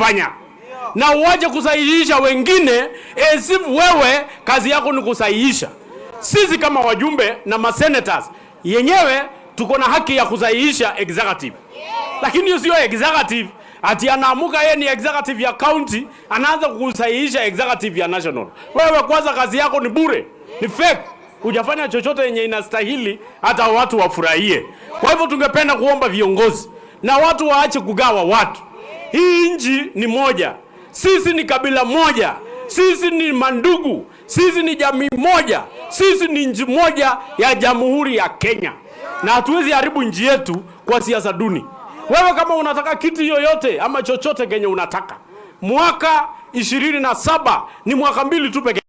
Fanya na uache kusahihisha wengine esifu eh, wewe kazi yako ni kusahihisha. Sisi kama wajumbe na masenators yenyewe tuko na haki ya kusahihisha executive, lakini hiyo sio executive ati anaamuka yeye ni executive ya county anaanza kusahihisha executive ya national. Wewe kwanza kazi yako ni bure, ni fake, hujafanya chochote yenye inastahili hata watu wafurahie. Kwa hivyo tungependa kuomba viongozi na watu waache kugawa watu hii nchi ni moja, sisi ni kabila moja, sisi ni mandugu, sisi ni jamii moja, sisi ni nchi moja ya Jamhuri ya Kenya, na hatuwezi haribu nchi yetu kwa siasa duni. Wewe kama unataka kiti yoyote ama chochote kenye unataka, mwaka ishirini na saba ni mwaka mbili tu pekee